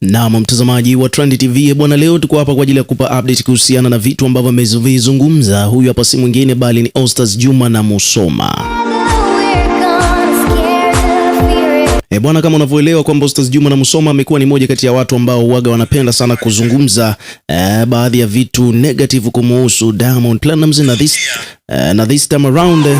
Naam, mtazamaji wa Trend TV bwana, leo tuko hapa kwa ajili ya kupa update kuhusiana na vitu ambavyo amevizungumza. Huyu hapa si mwingine bali ni Ostaz Juma na Musoma. E bwana, kama unavyoelewa kwamba Ustaz Juma na Musoma amekuwa ni moja kati ya watu ambao waga wanapenda sana kuzungumza eh, baadhi ya vitu negative kumuhusu Diamond Platinumz na this, eh, na this time around eh,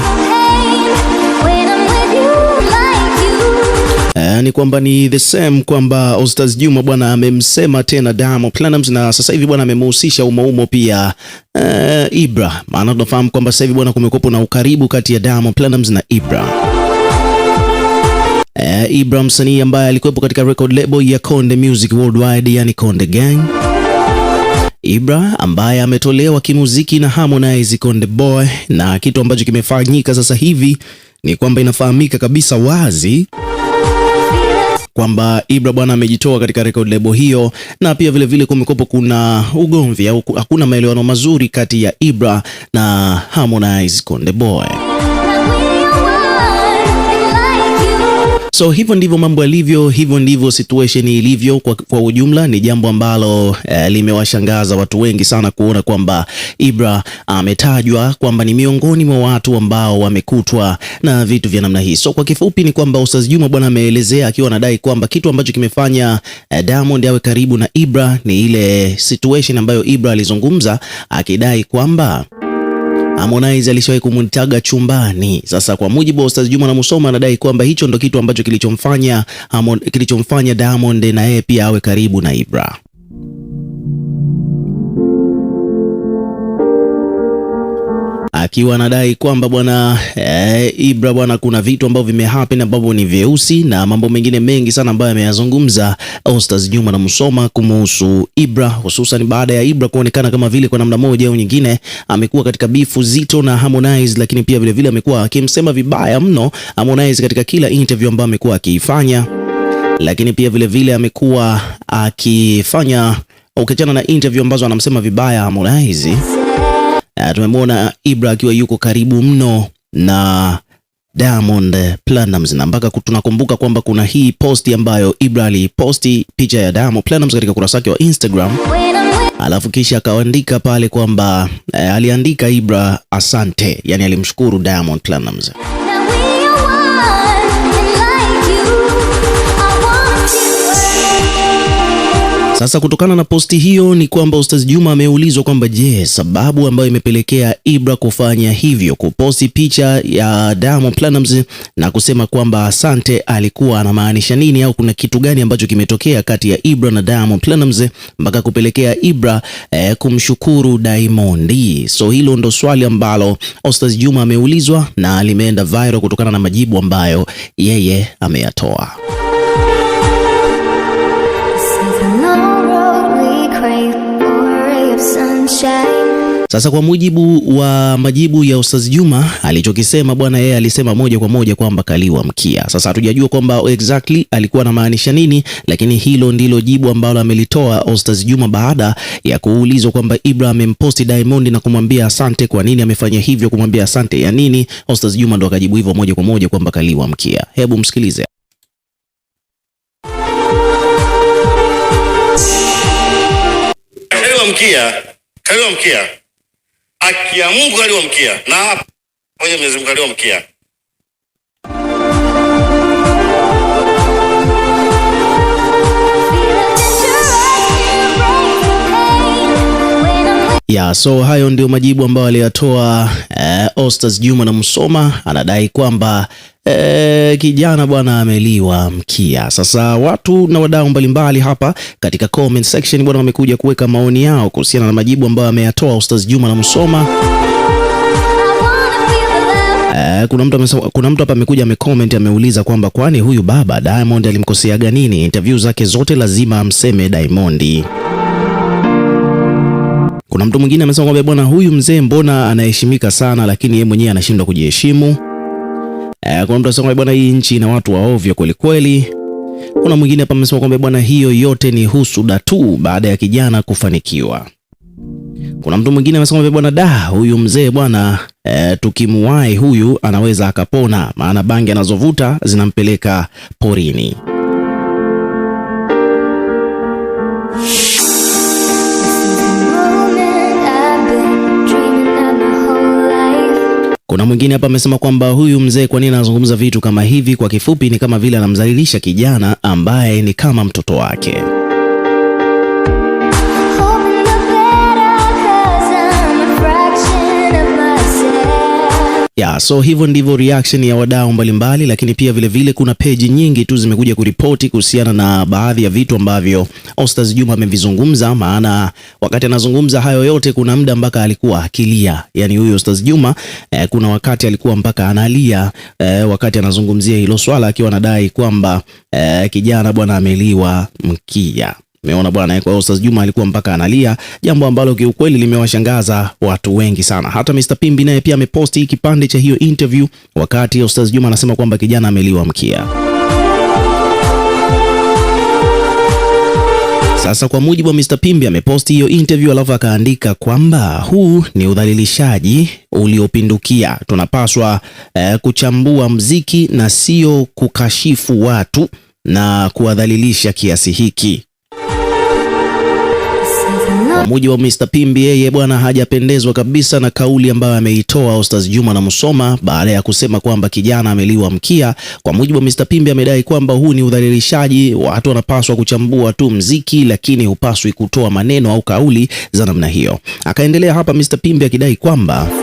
E, ni kwamba ni the same kwamba Ostaz Juma bwana amemsema tena Diamond Platnumz na sasa hivi bwana amemhusisha umoumo pia e, Ibra. Maana tunafahamu kwamba sasa hivi bwana kumekuwepo na ukaribu kati ya Diamond Platnumz na Ibra. E, Ibra msanii ambaye alikuwepo katika record label ya Konde Music Worldwide, yani Konde Gang. Ibra ambaye ametolewa kimuziki na Harmonize Konde Boy, na kitu ambacho kimefanyika sasa hivi ni kwamba inafahamika kabisa wazi kwamba Ibra bwana amejitoa katika record label hiyo, na pia vile vile kumekopo kuna ugomvi au hakuna maelewano mazuri kati ya Ibra na Harmonize Konde Boy. So hivyo ndivyo mambo yalivyo, hivyo ndivyo situation ilivyo kwa, kwa ujumla. Ni jambo ambalo eh, limewashangaza watu wengi sana kuona kwamba Ibra ametajwa ah, kwamba ni miongoni mwa watu ambao wamekutwa na vitu vya namna hii. So kwa kifupi ni kwamba Ustaz Juma bwana ameelezea akiwa anadai kwamba kitu ambacho kimefanya eh, Diamond awe karibu na Ibra ni ile situation ambayo Ibra alizungumza akidai kwamba Harmonize alishawahi kumtaga chumbani. Sasa kwa mujibu wa Ustaz Juma na Musoma, anadai kwamba hicho ndo kitu ambacho kilichomfanya kilichomfanya Diamond na yeye pia awe karibu na Ibra. akiwa anadai kwamba bwana eh, Ibra bwana, kuna vitu ambavyo vimehappen ambavyo ni vyeusi na mambo mengine mengi sana ambayo ameyazungumza Ostaz Juma na Musoma kumuhusu Ibra, hususan baada ya Ibra kuonekana kama vile kwa namna moja au nyingine amekuwa katika bifu zito na Harmonize, lakini pia vilevile amekuwa akimsema vibaya mno Harmonize katika kila interview ambayo amekuwa akiifanya, lakini pia vilevile amekuwa akifanya ukiachana na interview ambazo anamsema vibaya Harmonize tumemwona Ibra akiwa yuko karibu mno na Diamond Platnumz na mpaka tunakumbuka kwamba kuna hii posti ambayo Ibra aliposti picha ya Diamond Platnumz katika ukurasa wake wa Instagram, alafu kisha akaandika pale kwamba eh, aliandika Ibra asante, yani alimshukuru Diamond Platnumz. Sasa kutokana na posti hiyo ni kwamba Ustaz Juma ameulizwa kwamba je, sababu ambayo imepelekea Ibra kufanya hivyo kuposti picha ya Diamond Platnumz na kusema kwamba asante alikuwa anamaanisha nini, au kuna kitu gani ambacho kimetokea kati ya Ibra na Diamond Platnumz mpaka kupelekea Ibra eh, kumshukuru Diamond. So hilo ndo swali ambalo Ustaz Juma ameulizwa na limeenda viral kutokana na majibu ambayo yeye ameyatoa. Sasa kwa mujibu wa majibu ya Ustaz Juma alichokisema bwana, yeye alisema moja kwa moja kwamba kaliwa mkia. Sasa hatujajua kwamba exactly alikuwa anamaanisha nini, lakini hilo ndilo jibu ambalo amelitoa Ustaz Juma baada ya kuulizwa kwamba Ibra amemposti Diamond na kumwambia asante. Kwa nini amefanya hivyo, kumwambia asante ya nini? Ustaz Juma ndo akajibu hivyo moja kwa moja kwamba kaliwa mkia. Hebu msikilize. Kaliwa mkia Kaliwa mkia, akia Mungu kaliwa mkia, na hapa mwenye Mwenyezi Mungu kaliwa mkia. Ya, so hayo ndio majibu ambayo aliyatoa eh, Ostaz Juma na Msoma anadai kwamba e, kijana bwana ameliwa mkia. Sasa watu na wadau mbalimbali hapa katika comment section bwana, wamekuja kuweka maoni yao kuhusiana na majibu ambayo ameyatoa Ustaz Juma na Msoma. E, eh, kuna mtu amesema, kuna mtu hapa amekuja amecomment ameuliza kwamba kwani huyu baba Diamond alimkoseaga nini? Interview zake zote lazima amseme Diamond. Kuna mtu mwingine amesema kwamba bwana, huyu mzee mbona anaheshimika sana, lakini yeye mwenyewe anashindwa kujiheshimu. Eh, kuna mtu anasema bwana, hii nchi ina watu waovyo kweli kweli. Kuna mwingine hapa amesema kwamba bwana, hiyo yote ni husuda tu baada ya kijana kufanikiwa. Kuna mtu mwingine amesema bwana, da huyu mzee bwana e, eh, tukimuwai huyu anaweza akapona, maana bangi anazovuta zinampeleka porini. Kuna mwingine hapa amesema kwamba huyu mzee kwa nini anazungumza vitu kama hivi? Kwa kifupi, ni kama vile anamdhalilisha kijana ambaye ni kama mtoto wake. Yeah, so hivyo ndivyo reaction ya wadau mbalimbali, lakini pia vilevile vile kuna peji nyingi tu zimekuja kuripoti kuhusiana na baadhi ya vitu ambavyo Ostaz Juma amevizungumza. Maana wakati anazungumza hayo yote, kuna muda mpaka alikuwa akilia, yani huyo Ostaz Juma eh, kuna wakati alikuwa mpaka analia eh, wakati anazungumzia hilo swala, akiwa anadai kwamba eh, kijana bwana ameliwa mkia. Umeona bwana, eh, kwa hiyo Juma alikuwa mpaka analia, jambo ambalo kiukweli limewashangaza watu wengi sana. Hata Mr Pimbi naye pia ameposti kipande cha hiyo interview, wakati Ustaz Juma anasema kwamba kijana ameliwa mkia. Sasa kwa mujibu wa Mr Pimbi ameposti hiyo interview, alafu akaandika kwamba huu ni udhalilishaji uliopindukia, tunapaswa eh, kuchambua mziki na sio kukashifu watu na kuwadhalilisha kiasi hiki. Kwa mujibu wa Mr Pimbi, yeye bwana hajapendezwa kabisa na kauli ambayo ameitoa Ostaz Juma na Musoma baada ya kusema kwamba kijana ameliwa mkia. Kwa mujibu wa Mr Pimbi, amedai kwamba huu ni udhalilishaji, watu wanapaswa kuchambua tu mziki, lakini hupaswi kutoa maneno au kauli za namna hiyo. Akaendelea hapa Mr Pimbi akidai kwamba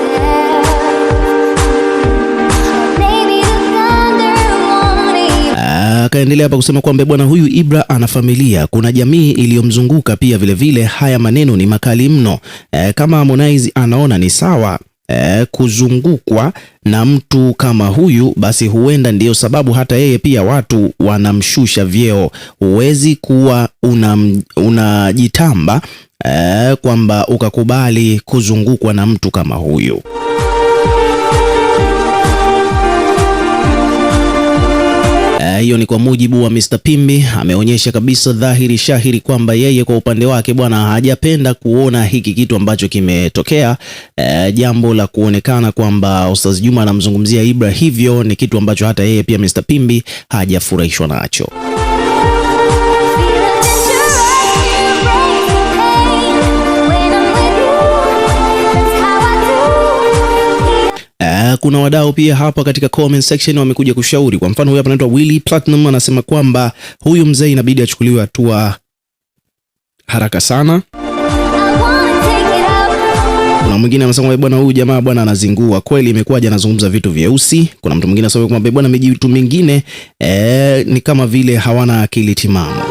Akaendelea hapa kusema kwamba bwana huyu Ibra ana familia, kuna jamii iliyomzunguka pia vilevile vile. Haya maneno ni makali mno. E, kama Harmonize anaona ni sawa e, kuzungukwa na mtu kama huyu, basi huenda ndiyo sababu hata yeye pia watu wanamshusha vyeo. Huwezi kuwa unajitamba una eh, e, kwamba ukakubali kuzungukwa na mtu kama huyu. hiyo ni kwa mujibu wa Mr. Pimbi. Ameonyesha kabisa dhahiri shahiri kwamba yeye kwa upande wake bwana hajapenda kuona hiki kitu ambacho kimetokea. E, jambo la kuonekana kwamba Ustaz Juma anamzungumzia Ibra hivyo ni kitu ambacho hata yeye pia Mr. Pimbi hajafurahishwa nacho. kuna wadau pia hapa katika comment section wamekuja kushauri. Kwa mfano, huyu hapa anaitwa Willy Platinum anasema kwamba huyu mzee inabidi achukuliwe hatua haraka sana. Kuna mwingine anasema kwamba bwana, huyu jamaa bwana anazingua kweli, imekuwaje anazungumza vitu vyeusi. Kuna mtu mwingine anasema kwamba bwana, mijitu mingine ee, ni kama vile hawana akili timamu.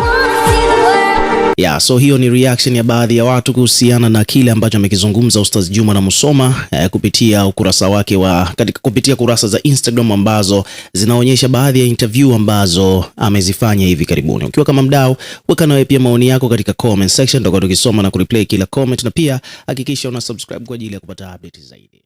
Yeah, so hiyo ni reaction ya baadhi ya watu kuhusiana na kile ambacho amekizungumza Ustaz Juma na Musoma eh, kupitia ukurasa wake wa katika kupitia kurasa za Instagram ambazo zinaonyesha baadhi ya interview ambazo amezifanya hivi karibuni. Ukiwa kama mdau, weka nawe pia maoni yako katika comment section, tutakuwa tukisoma na kureplay kila comment, na pia hakikisha una subscribe kwa ajili ya kupata update zaidi.